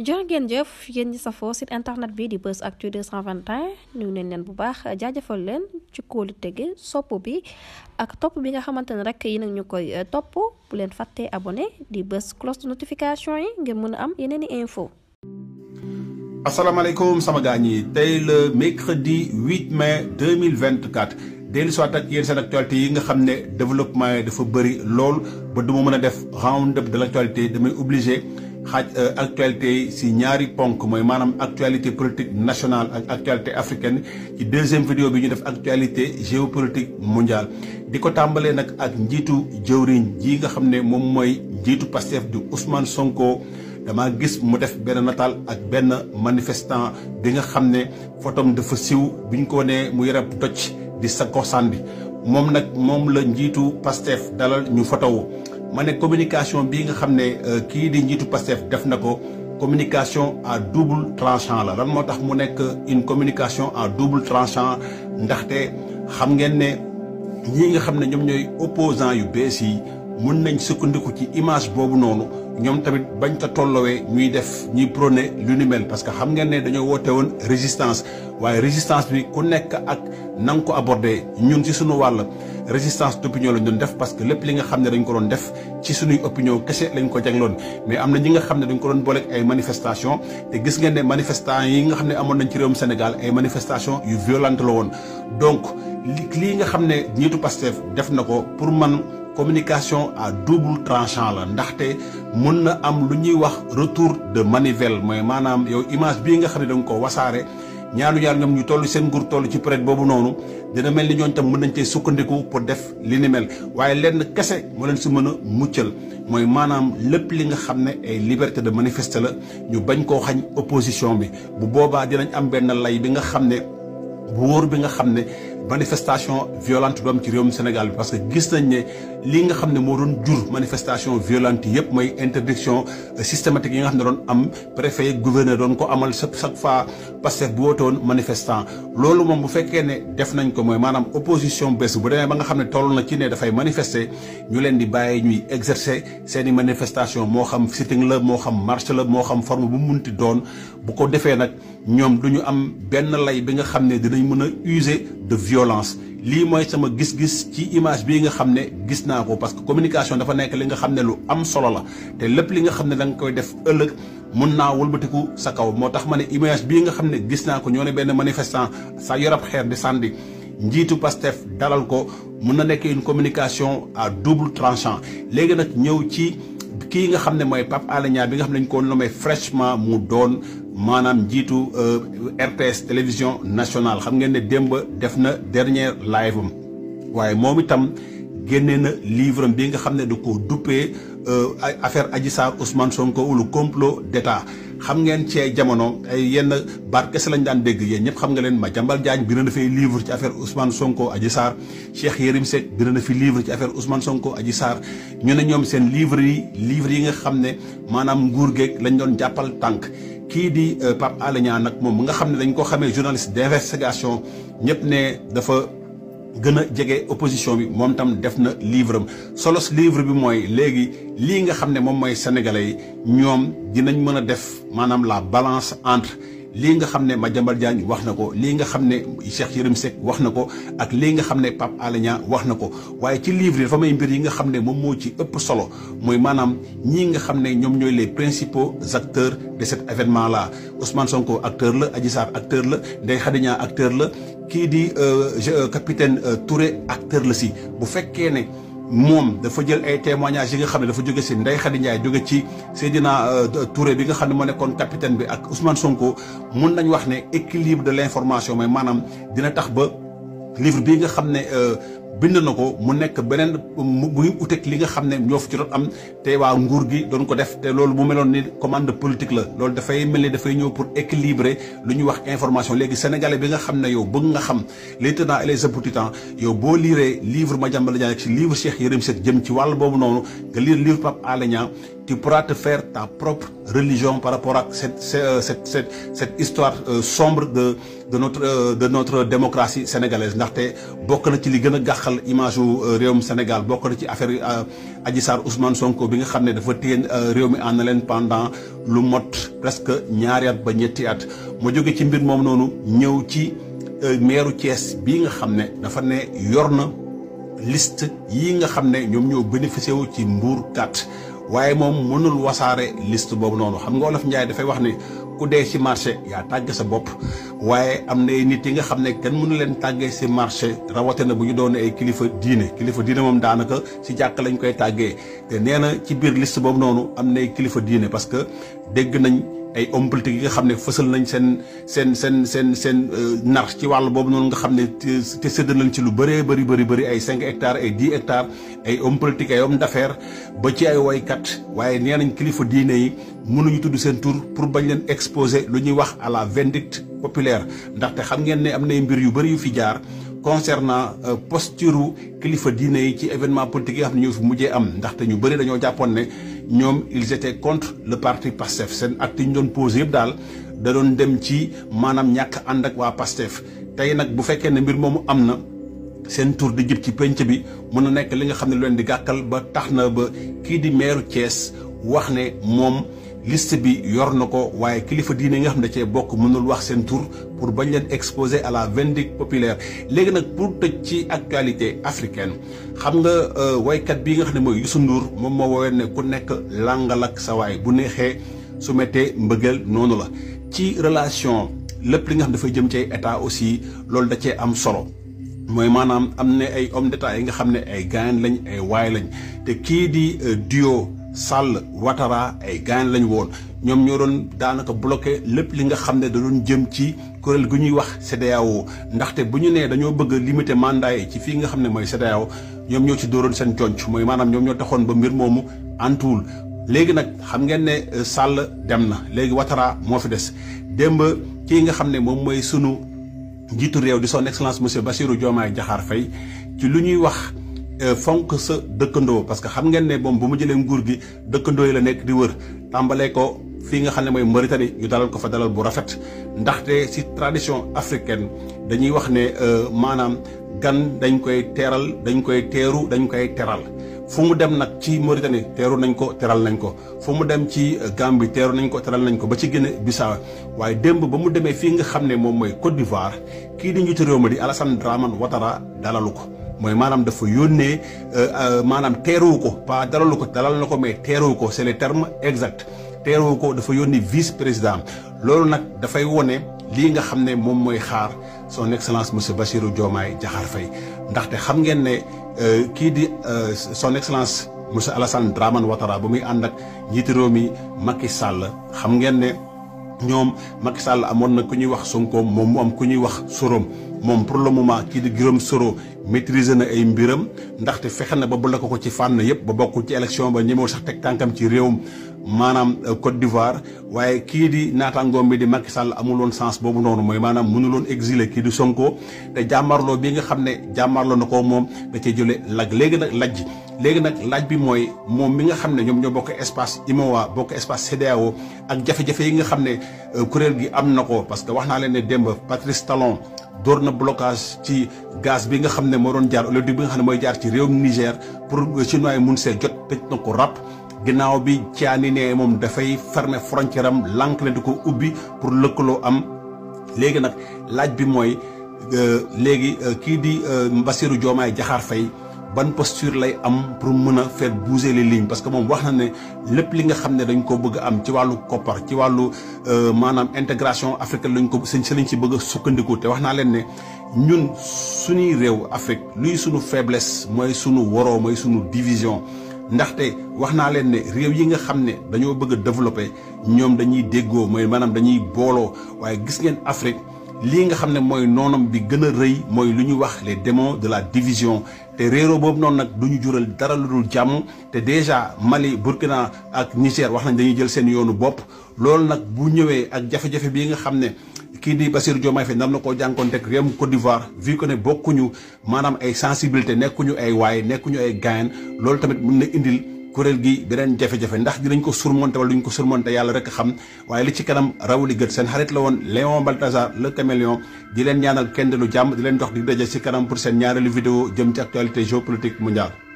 jërë ngeen jëf yéen ñi safoo site internet bi di Buzz Actu 221 ñu neen leen bu baax jaajëfal leen ci kóolu tege sopp bi ak topp bi nga xamante ne rek yi nag ñu koy eh, topp bu leen fàttee abone di bës cloche de notification yi ngir mën a am yeneen i info asalaamaaleykum sama gaañ yi tey le mercredi 8 mai 2024 dellu soit ak yéen seen actualité yi nga xam ne développement yi dafa bëri lool ba du ma mën a def round up de l' actualité damay obligé xaaj euh, actualité yi si ñaari ponk mooy maanaam actualité politique nationale ak actualité africaine ci deuxième vidéo bi ñu def actualité géopolitique mondiale di ko tàmbalee nag ak njiitu jëwriñ ji nga xam ne moom mooy njiitu Pastef di Ousmane Sonko dama gis mu def benn nataal ak benn manifestant bi nga xam ne photom dafa siw bi ñu ko wanee mu yore doj di sa kosaan bi moom nag moom la njiitu Pastef dalal ñu fotowu ma ne communication bii nga xam ne euh, kii di njiitu Pastef def na ko communication à double tranchant la ran moo tax mu nekk une communication à double tranchant ndaxte xam ngeen ne ñii nga xam ne ñoom ñooy opposants yu bees yi mun nañ sukkandiku ci image boobu noonu ñoom tamit bañ ta tollowee ñuy def ñuy prôné lu ni mel parce que xam ngeen ne dañoo woote woon résistance waaye résistance bi ku nekk ak na ko abordé ñun ci suñu wàll résistance d'opinion lañ doon def parce que lépp li nga xam ne dañ ko doon def ci suñuy opinion kese lañ ko jagloon mais am na ñi nga xam ne dañ ko doon booleeg ay manifestation te gis ngeen ne manifestant yi nga xam ne amoon nañ ci réewum Sénégal ay manifestation yu violente la woon donc li lii nga xam ne ñiitu Pastef def na ko communication à double tranchant la ndaxte mën na am lu ñuy wax retour de manivelle mooy maanaam yow image bii nga xam ne da ko wasaare ñaanu yàlla ñoom ñu toll seen nguur toll ci période boobu noonu dina mel ni ñooñu tam mën nañ cee sukkandiku pour def li ni mel waaye lenn kese moo leen si mën a muccal mooy maanaam lépp li nga xam ne ay liberté de manifester la ñu bañ koo xañ opposition bi bu boobaa dinañ am benn lay bi nga xam ne bu wóor bi nga xam ne manifestation violente doom am ci réewum Sénégal bi parce que gis nañ ne li nga xam ne moo doon jur manifestation violente yëpp mooy interdiction euh, systématique yi nga xam ne doon am préfet yi gouverneur doon ko amal chaque chaque fois Pastef bu wootoon manifestant loolu moom bu fekkee ne def nañ ko mooy maanaam opposition bés bu demee ba nga xam ne toll na ci ne dafay manifester ñu leen di bàyyi ñuy exercer seeni manifestation moo xam sitting la moo xam marche la moo xam forme bu munti doon bu ko defee nag ñoom du ñu am benn lay bi nga xam ne dinañ mën a user de violence lii mooy sama gis-gis ci image bii nga xam ne gis naa ko parce que communication dafa nekk li nga xam ne lu am solo la te lépp li nga xam ne da nga koy def ëllëg mun naa walbatiku sa kaw moo tax ma ne image bii nga xam ne gis naa ko ñoo ne benn manifestant sa yorab xeer de sànni njiitu Pastef dalal ko mun na nekk une communication à double tranchant léegi nag ñëw ci kii nga xam ne mooy Pape Alé Niang bi nga xam ne dañ ko nommé fraîchement mu doon maanaam njiitu euh, RTS télévision nationale xam ngeen ne démb def na dernier live am waaye moom itam génnee na livre am bi nga xam ne da koo duppee euh, affaire aji Sarr Ousmane Sonko ou le complot d'État xam ngeen cee jamono ay yenn baat kese lañ daan dégg yéen ñëpp xam nga leen ma Madiambal jaañ bi na dafay livre ci affaire Ousmane Sonko Adji Sarr Cheikh Yérim Seck bi na fi livre ci affaire Ousmane Sonko aji saar ñoo ne ñoom seen livre yi livre yi nga xam ne maanaam nguur geeg lañ doon jàppal tànk kii di euh, Pape Alé Niang nag moom nga xam ne dañ ko xamee journaliste d'investigation ñëpp ne dafa gën a jege opposition bi moom tam def na livre solos livre bi mooy léegi lii nga xam ne moom mooy sénégalais yi ñoom dinañ mën a def maanaam la balance entre lii nga xam ne Madiambal Diagne wax na ko lii nga xam ne Cheikh Yérim Seck wax na ko ak lii nga xam ne Pape Alé wax na ko waaye ci livre yi dafa may mbir yi nga xam ne moom moo ci ëpp solo mooy maanaam ñii nga xam ne ñoom ñooy les principaux acteurs de cet événement la Ousmane Sonko acteur la Adji Sarr acteur la Ndeye Khady Niang acteur la kii di euh, euh, capitaine euh, Touré acteur la si bu fekkee ne moom dafa jël ay témoignages yi nga xam ne dafa jóge si Ndeye Khady Ndiaye jóge ci Seydina euh, Touré bi nga xam ne moo nekkoon capitaine bi ak Ousmane Sonko mun nañ wax ne équilibre de l'information mais maanaam dina tax ba livre bi nga xam ne euh, bind na ko mu nekk beneen mu utek li nga xam ne ñoo fi ci doon am te waa nguur gi doon ko def te loolu mu meloon ni commande politique la loolu dafay mel ni dafay ñëw pour équilibrer lu ñuy wax information léegi sénégalais bi nga xam ne yow bëgg nga xam les tenants et les aboutissants yow boo liiree livre Madiambal Diagne ci livre Cheikh Yérim Seck jëm ci wàll boobu noonu nga liir livre Pape Alé Niang tu pourras te faire ta propre religion par rapport à cette euh, cette cette cette histoire euh, sombre de de notre euh, de notre démocratie ndaxte bokk na ci li gën a gàx yàqal image u euh, réewum Sénégal bokk na ci affaire euh, Adji Sarr Ousmane Sonko bi nga xam ne dafa téye euh, réew mi ànd na leen pendant lu mot presque ñaari at ba ñetti at ma jóge ci mbir moom noonu ñëw ci meeru Thiès bi nga xam ne dafa ne yor na liste yi nga xam ne ñoom ñëw bénéficié wu ci mbuur kat waaye moom mënul wasaare liste boobu noonu xam nga olof Njaay dafay wax ni ku dee si marché yaa tàgg sa bopp waaye am na ay nit yi nga xam ne kenn mënu leen tàggee ci marché rawatina bu ñu doon ay kilifa diine kilifa diine moom daanaka ci jàkk lañ koy tàggee te nee na ci biir list boobu noonu am na ay kilifa diine parce que dégg nañ. ay hommes politiques yi nga xam ne fësal nañ seen seen seen seen seen euh, nar ci wàll boobu noonu nga xam ne te séddal nañ ci lu bëree bëri bëri bëri ay cinq hectares ay dix hectares ay hommes politiques ay hommes d'affaires ba ci ay woykat waaye nee nañ kilifa diine yi mënuñu tudd seen tour pour bañ leen exposé lu ñuy wax à la vindicte populaire ndaxte xam ngeen ne am nay mbir yu bëri yu fi jaar concernant euh, posture kilifa diine yi ci événement politique yi nga xam ne fi mujjee am ndaxte ñu bëri dañoo jàppoon ne ñoom ils étaient contre le parti PASTEF seen acte yi ñu doon posé yëpp daal da doon dem ci maanaam ñàkk ànd ak waa PASTEF tey nag bu fekkee ne mbir moomu am na seen tour di jib ci penc bi mën na nekk li nga xam ne lu leen di gàkkal ba tax na ba kii di meeru Thiès wax ne moom. liste bi yor na ko waaye kilifa diine nga xam ne cee bokk mënul wax seen tur pour bañ leen exposé à la vindicte populaire léegi nag pour tëj ci actualité africaine xam nga euh, woykat bi nga xam ne mooy Youssou Ndour moom moo woowee ne ku nekk làngal ak sa waay bu neexee su mettee mbëggeel noonu la ci relation lépp li nga xam dafay jëm ci état aussi loolu da cee am solo mooy maanaam am na ay om d'état yi nga xam ne ay gaañ lañ ay waay lañ te kii di euh, duo Sall Ouattara ay gaañ lañ woon ñoom ñoo doon daanaka bloqué lépp li nga xam ne da doon jëm ci kuréel gu ñuy wax CEDEAO ndaxte bu ñu nee dañoo bëgg a limiter mandat yi ci fii nga xam ne mooy CEDEAO ñoom ñoo ci dóoroon seen conc mooy maanaam ñoom ñoo taxoon ba mbir moomu antuwul léegi nag xam ngeen ne euh, Sall dem na léegi Ouattara moo fi des démb kii nga xam ne moom mooy sunu njiitu réew di son excellence monsieur Bassirou Diomaye jaxaar Faye ci lu ñuy wax. Euh, fonk sa dëkkandoo parce que xam ngeen ne moom bu mu jëlee nguur gi dëkkandoo yi la nekk di wër tàmbalee ko fii nga xam ne mooy Mauritanie ñu dalal ko fa dalal bu rafet ndaxte ci tradition africaine dañuy wax ne euh, maanaam gan dañ koy teeral dañ koy teeru dañ koy teral fu mu dem nag ci Mauritanie teeru nañ ko teral nañ ko fu mu dem ci euh, Gambie teeru nañ ko teral nañ ko ba ci Guinée Bissau waaye démb ba mu demee fii nga xam ne moom mooy Côte d'Ivoire kii di njiitu réew ma di Alassane Dramane Ouattara dalalu ko mooy maanaam dafa yónnee euh, euh, maanaam teeruwu ko pas dalalu ko dalal na ko mais teeruwu ko c'est le terme exact teeruwu ko dafa yónni vice président loolu nag dafay wone lii nga xam ne moom mooy xaar son excellence monsieur Bassirou Diomaye Diakhar Faye ndaxte xam ngeen ne euh, kii di son excellence monsieur Alassane Dramane Ouattara ba muy ànd ak njiiti réew mi Macky Sall xam ngeen ne. ñoom Macky Sall amoon na ku ñuy wax sonkoom moom mu am ku ñuy wax Sorom moom pour le moment kii di Guillaume Soro maîtriser na ay mbiram ndaxte fexe na ba bu la ko ko ci fànn yëpp ba bokkul ci élection ba ñemewul sax teg tànkam ci réew maanaam euh, Côte d'Ivoire waaye kii di naataangoom bi di Macky Sall amul woon sens boobu noonu mooy maanaam munu loon exiler kii di Sonko te jàmmarloo bii nga xam ne jàmmarloo na ko moom da cee jëlee lag léegi nag lajj léegi nag laaj bi mooy moom mi nga xam ne ñoom ñoo bokk espace IMOA bokk espace CEDEAO ak jafe-jafe yi nga xam ne euh, kuréel gi am na ko parce que wax naa leen ne démb Patrice Talon door na blocage ci gaz bi nga xam ne moo doon jaar oléoduc bi nga xam ne mooy jaar ci réewum Niger pour euh, chinois yi mun see jot tëj na ko rap. ginnaaw bi caani ne moom dafay fermer frontière am lànk la di ko ubbi pour lëkkaloo am léegi nag laaj bi mooy euh, léegi kii di Bassirou Diomaye Diakhar Faye ban posture lay am pour mën a faire bouger lii parce que moom wax na ne lépp li nga xam ne dañ ko bëgg am ci wàllu koppar ci wàllu euh, maanaam intégration africaine lañ ko seen si lañ si bëgg a sukkandiku te wax naa leen ne ñun suñuy réew Afrique luy suñu faiblesse mooy suñu woroo mooy suñu division ndaxte wax naa leen ne réew yi nga xam ne dañoo bëgg a développer ñoom dañuy déggoo mooy maanaam dañuy booloo waaye gis ngeen Afrique lii nga xam ne mooy noonam bi gën a rëy mooy lu ñu wax les démons de la division te réeroo boobu noonu nag du ñu jural dara lu dul jàmm te déjà Mali Burkina ak Niger wax nañ dañuy jël seen yoonu bopp loolu nag bu ñëwee ak jafe-jafe bii nga xam ne kii di Bassirou Diomaye Faye nar na koo jànkoonteeg réewum Côte d'Ivoire vu ko ne bokkuñu maanaam ay sensibilité nekkuñu ay waay nekkuñu ay gaayen loolu tamit mun na indil kuréel gi beneen jafe-jafe ndax dinañ ko surmonter wala duñ ko surmonter yàlla rek xam waaye li ci kanam raw li seen xarit la woon Léon Balthazar le caméléon di leen ñaanal kenn lu jàmm di leen jox di daje ci kanam pour seen ñaareelu vidéo jëm ci actualité géopolitique mondiale